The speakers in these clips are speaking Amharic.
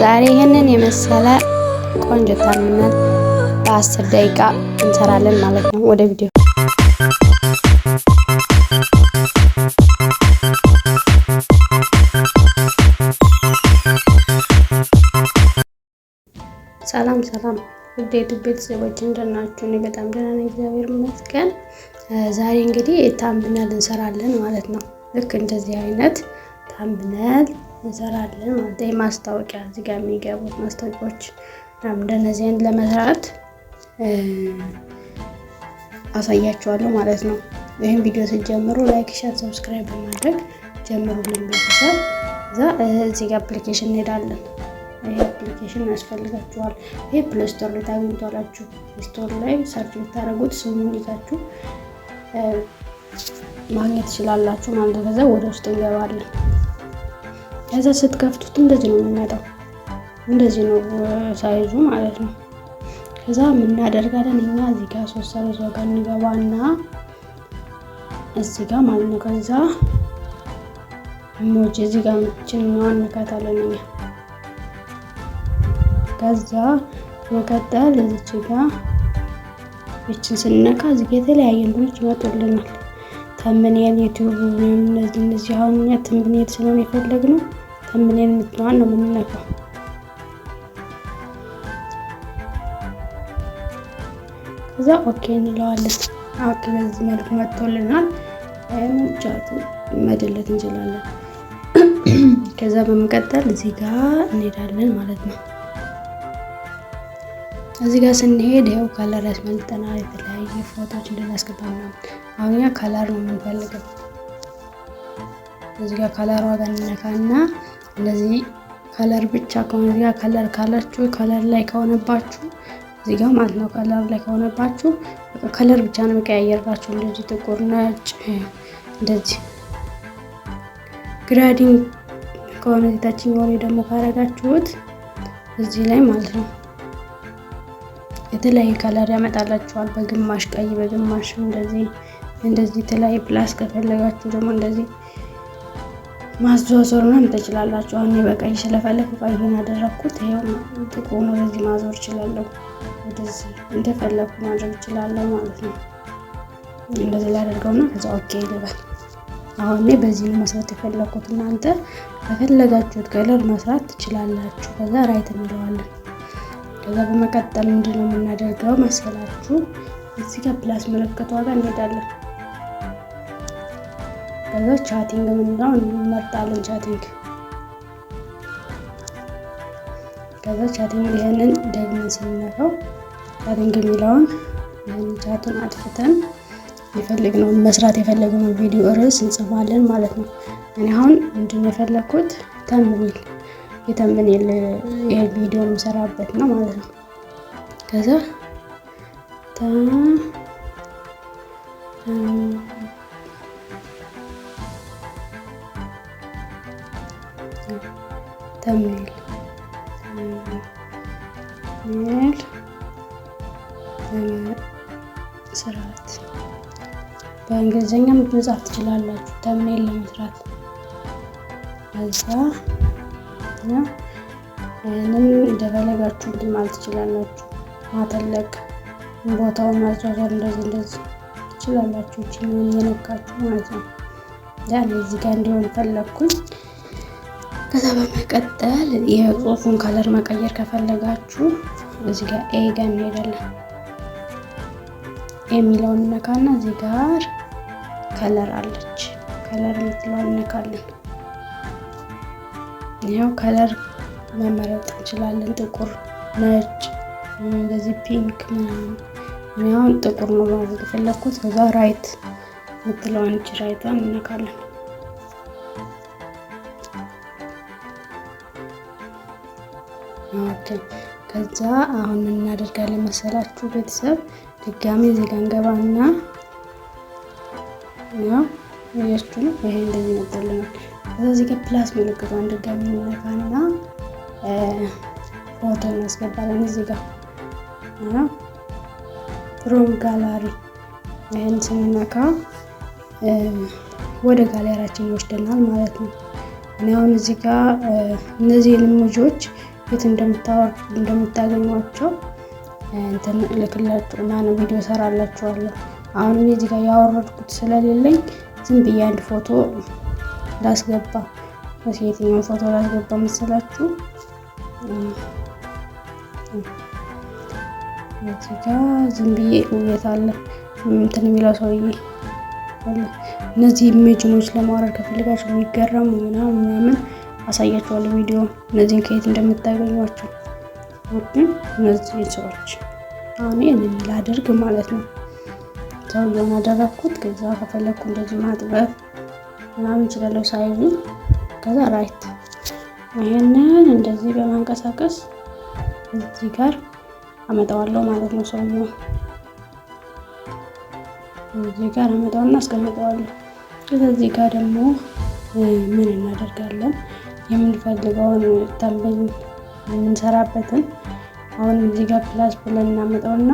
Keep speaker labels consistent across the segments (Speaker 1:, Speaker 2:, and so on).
Speaker 1: ዛሬ ይህንን የመሰለ ቆንጆ ተርሚናል በአስር ደቂቃ እንሰራለን ማለት ነው። ወደ ቪዲዮ ሰላም ሰላም ውዴቱ ቤተሰቦች እንደናችሁ? እኔ በጣም ደህና ነኝ፣ እግዚአብሔር ይመስገን። ዛሬ እንግዲህ ታምብነል እንሰራለን ማለት ነው። ልክ እንደዚህ አይነት ታምብነል እንሰራለን ማለት ማስታወቂያ እዚህ ጋር የሚገቡት ማስታወቂያዎች እንደነዚህን ለመስራት አሳያቸዋለሁ ማለት ነው። ይህም ቪዲዮ ስትጀምሩ ላይክ፣ ሸር፣ ሰብስክራይብ በማድረግ ጀምሩልን ቤተሰብ። እዛ እዚህ ጋር አፕሊኬሽን እንሄዳለን። ይሄ አፕሊኬሽን ያስፈልጋችኋል። ይሄ ፕሌስቶር ላይ ስቶር ላይ ሰርች ብታደረጉት ስሙን ማግኘት ትችላላችሁ ማለት ነው። ከዛ ወደ ውስጥ እንገባለን። ከዛ ስትከፍቱት እንደዚህ ነው የሚመጣው። እንደዚህ ነው ሳይዙ ማለት ነው። ከዛ የምናደርጋለን እኛ እዚህ ጋር ሶስት ሰበዝ ዋጋ እንገባና እዚህ ጋር ማለት ነው። ከዛ ሞጅ እዚህ ጋር ምችን ማነካታለን እኛ ከዛ መቀጠል እዚች ጋ ይችን ስንነካ እዚህ ጋር የተለያየ እንትኖች ይመጡልናል። ተምኔል ዩቲዩብ እነዚህ እነዚህ አሁን እኛ ተምኔል ስለሆነ የፈለግነው ተምኔል የምትለዋን ነው የምንነካው። ከዛ ኦኬ እንለዋለን። ኦኬ በዚህ መልኩ መጥቶልናል። ቻቱ መደለት እንችላለን። ከዛ በመቀጠል እዚህ ጋር እንሄዳለን ማለት ነው። እዚህ ጋር ስንሄድ ያው ከለር ያስመልጠናል። የተለያየ ፎቶዎች እንድናስገባ ነው። አሁን ከለር ነው የምንፈልገው። እዚህ ጋር ከለሯ ጋር እንነካና እንደዚህ ከለር ብቻ ከሆነ እዚጋ ከለር ካላችሁ ከለር ላይ ከሆነባችሁ እዚጋ ማለት ነው። ከለር ላይ ከሆነባችሁ ከለር ብቻ ነው የሚቀያየርባችሁ። እንደዚህ ጥቁር፣ ነጭ እንደዚህ ግራዲንግ ከሆነ የታችኛው ወሬ ደግሞ ካረጋችሁት እዚህ ላይ ማለት ነው የተለያዩ ከለር ያመጣላችኋል። በግማሽ ቀይ፣ በግማሽ እንደዚህ እንደዚህ የተለያዩ ፕላስ ከፈለጋችሁ ደግሞ እንደዚህ ማዟዟር ምናምን ትችላላችሁ። አሁን በቀኝ ስለፈለግ ቀይን ያደረግኩት ይኸው ጥቁሩን ወደዚህ ማዞር እችላለሁ። ወደዚህ እንደፈለግኩ ማድረግ እችላለሁ ማለት ነው። እንደዚህ ላደርገውና ከዛ ኦኬ ይልበል። አሁን እኔ በዚህ መስራት የፈለግኩት እናንተ በፈለጋችሁት ቀለር መስራት ትችላላችሁ። ከዛ ራይት እንለዋለን። ከዛ በመቀጠል ምንድን ነው የምናደርገው መሰላችሁ? እዚህ ጋር ፕላስ ምልክቷ ጋር እንሄዳለን። ከዛ ቻቲንግ የምንለው እንመርጣለን። ቻቲንግ ከዛ ቻቲንግ ይሄንን ደግመን ስንነካው ቻቲንግ የሚለውን ይህን ቻቱን አጥፍተን የፈለግነውን መስራት የፈለግነውን ቪዲዮ ርዕስ እንጽፋለን ማለት ነው። እኔ አሁን ምንድን የፈለግኩት ተምኔል የተምኔል ቪዲዮ የምሰራበት ነው ማለት ነው። ከዛ በእንግሊዝኛም መጻፍ ትችላላችሁ ተምኔል ለመስራት። ከዛ እና ይህንን እንደፈለጋችሁ እንትን ማለት ትችላላችሁ። ማተለቅ ቦታውን ማስረፈር እንደዚህ እንደዚህ ትችላላችሁ። ችን የነካችሁ ማለት ነው። ያን እዚህ ጋር እንዲሆን ፈለግኩኝ። ከዛ በመቀጠል የጽሁፉን ከለር መቀየር ከፈለጋችሁ እዚህ ጋር ኤ ጋር እንሄዳለን። የሚለውን ነካና እዚህ ጋር ከለር አለች ከለር የምትለዋን እነካለን። ይኸው ከለር መመረጥ እንችላለን። ጥቁር፣ ነጭ፣ እንደዚህ ፒንክ ምናምን። ይኸውን ጥቁር ነው ማለት የፈለግኩት። ከዛ ራይት የምትለዋን እች ራይቷን እነካለን። ከዛ አሁን ምን እናደርጋለን መሰላችሁ ቤተሰብ ድጋሚ እዚህ ጋር እንገባና ያው እያችሁ ይሄ እንደዚህ መጣልናል። ከዛ እዚህ ጋር ፕላስ ምልክቷን ድጋሚ እንነካና ፎቶ እናስገባለን። እዚህ ጋር ፍሮም ጋላሪ ይህን ስንነካ ወደ ጋላሪያችን ይወስደናል ማለት ነው። እኔ አሁን እዚህ ጋር እነዚህ ልሙጆች የት እንደምታገኟቸው እንትን ልክላችሁ ማነው ቪዲዮ ሰራላችኋለሁ። አሁንም እዚህ ጋር ያወረድኩት ስለሌለኝ ዝም ብዬ አንድ ፎቶ ላስገባ ስ የትኛውን ፎቶ ላስገባ መሰላችሁ? እዚህ ጋር ዝም ብዬ ውየት አለ እንትን የሚለው ሰውዬ እነዚህ ኢሜጅኖች ለማውረድ ከፈልጋችሁ የሚገረሙ ምናምን ምናምን አሳያችኋለሁ ቪዲዮ እነዚህን ከየት እንደምታገኟቸው ግን እነዚህ ሰዎች አሁን እኔ ላደርግ ማለት ነው ሰውየውን አደረግኩት። ከዛ ከፈለግኩ እንደዚህ ማጥበብ ምናምን እችላለሁ ሳይዙ። ከዛ ራይት ይህንን እንደዚህ በማንቀሳቀስ እዚህ ጋር አመጣዋለሁ ማለት ነው። ሰውየውን እዚህ ጋር አመጣውና አስቀምጠዋለሁ። ከዚህ ጋር ደግሞ ምን እናደርጋለን? የምንፈልገውን ተንበኝ የምንሰራበትን አሁን እዚህ ጋር ፕላስ ብለን እናመጣውና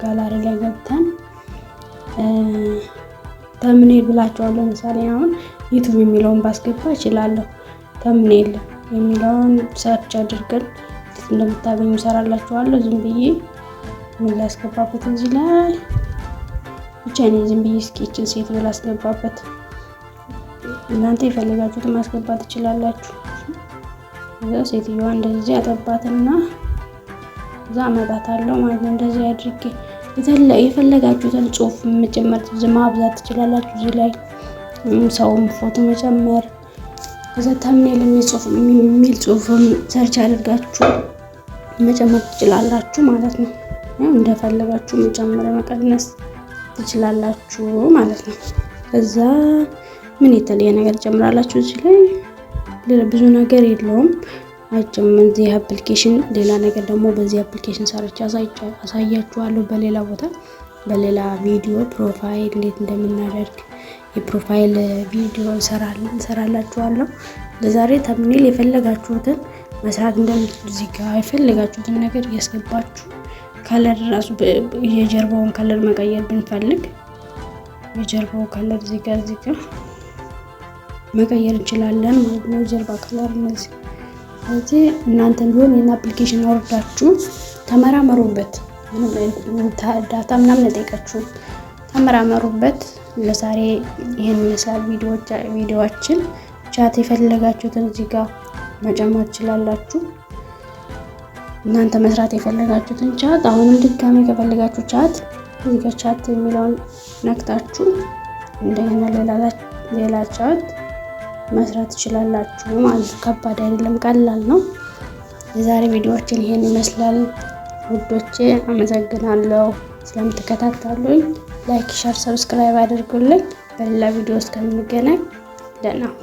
Speaker 1: ጋላሪ ላይ ገብተን ተምኔል ብላቸዋለሁ። ለምሳሌ አሁን ዩቱብ የሚለውን ባስገባ እችላለሁ። ተምኔል የሚለውን ሰርች አድርገን እንዴት እንደምታገኙ ይሰራላችኋለሁ። ዝም ብዬ ምን ላስገባበት እዚህ ላይ ብቻ ዝም ብዬ ስኬችን ሴት ብላስገባበት አስገባበት። እናንተ የፈለጋችሁትን ማስገባት ትችላላችሁ። እዛ ሴትዮዋ እንደዚህ አጠባትና እዛ አመጣታለሁ ማለት ነው። እንደዚህ አድርጌ የፈለጋችሁትን ጽሁፍ መጨመር ማብዛት ትችላላችሁ። እዚህ ላይ ሰውም ፎቶ መጨመር ከዛ ተምኔል የሚል ጽሁፍም ሰርች አድርጋችሁ መጨመር ትችላላችሁ ማለት ነው። እንደፈለጋችሁ መጨመር መቀነስ ትችላላችሁ ማለት ነው። ከዛ ምን የተለየ ነገር ትጨምራላችሁ? እዚህ ላይ ብዙ ነገር የለውም። ናቸው። እዚህ አፕሊኬሽን ሌላ ነገር ደግሞ በዚህ አፕሊኬሽን ሰርች አሳያችኋለሁ። በሌላ ቦታ በሌላ ቪዲዮ ፕሮፋይል እንዴት እንደምናደርግ የፕሮፋይል ቪዲዮ እንሰራላችኋለሁ። ለዛሬ ተምኔል የፈለጋችሁትን መስራት እንደምትችሉ እዚህ ጋ የፈለጋችሁትን ነገር እያስገባችሁ ከለር ራሱ የጀርባውን ከለር መቀየር ብንፈልግ የጀርባው ከለር እዚህ ጋ እዚህ ጋ መቀየር እንችላለን ማለት ነው። የጀርባ ከለር እነዚህ ስለዚህ እናንተ ቢሆን ይህን አፕሊኬሽን አውርዳችሁ ተመራመሩበት። ዳታ ምናምን ጠይቃችሁ ተመራመሩበት። ለዛሬ ይህን ይመስላል ቪዲዮዎችን። ቻት የፈለጋችሁትን እዚህ ጋር መጨመር ትችላላችሁ። እናንተ መስራት የፈለጋችሁትን ቻት አሁንም ድጋሚ ከፈለጋችሁ ቻት እዚህ ጋር ቻት የሚለውን ነክታችሁ እንደገና ሌላ ቻት መስራት ትችላላችሁ ማለት ከባድ አይደለም፣ ቀላል ነው። የዛሬ ቪዲዮዎችን ይሄን ይመስላል ውዶቼ። አመሰግናለሁ ስለምትከታተሉኝ። ላይክ፣ ሸር፣ ሰብስክራይብ አድርጉልኝ። በሌላ ቪዲዮ እስከምንገናኝ ደህና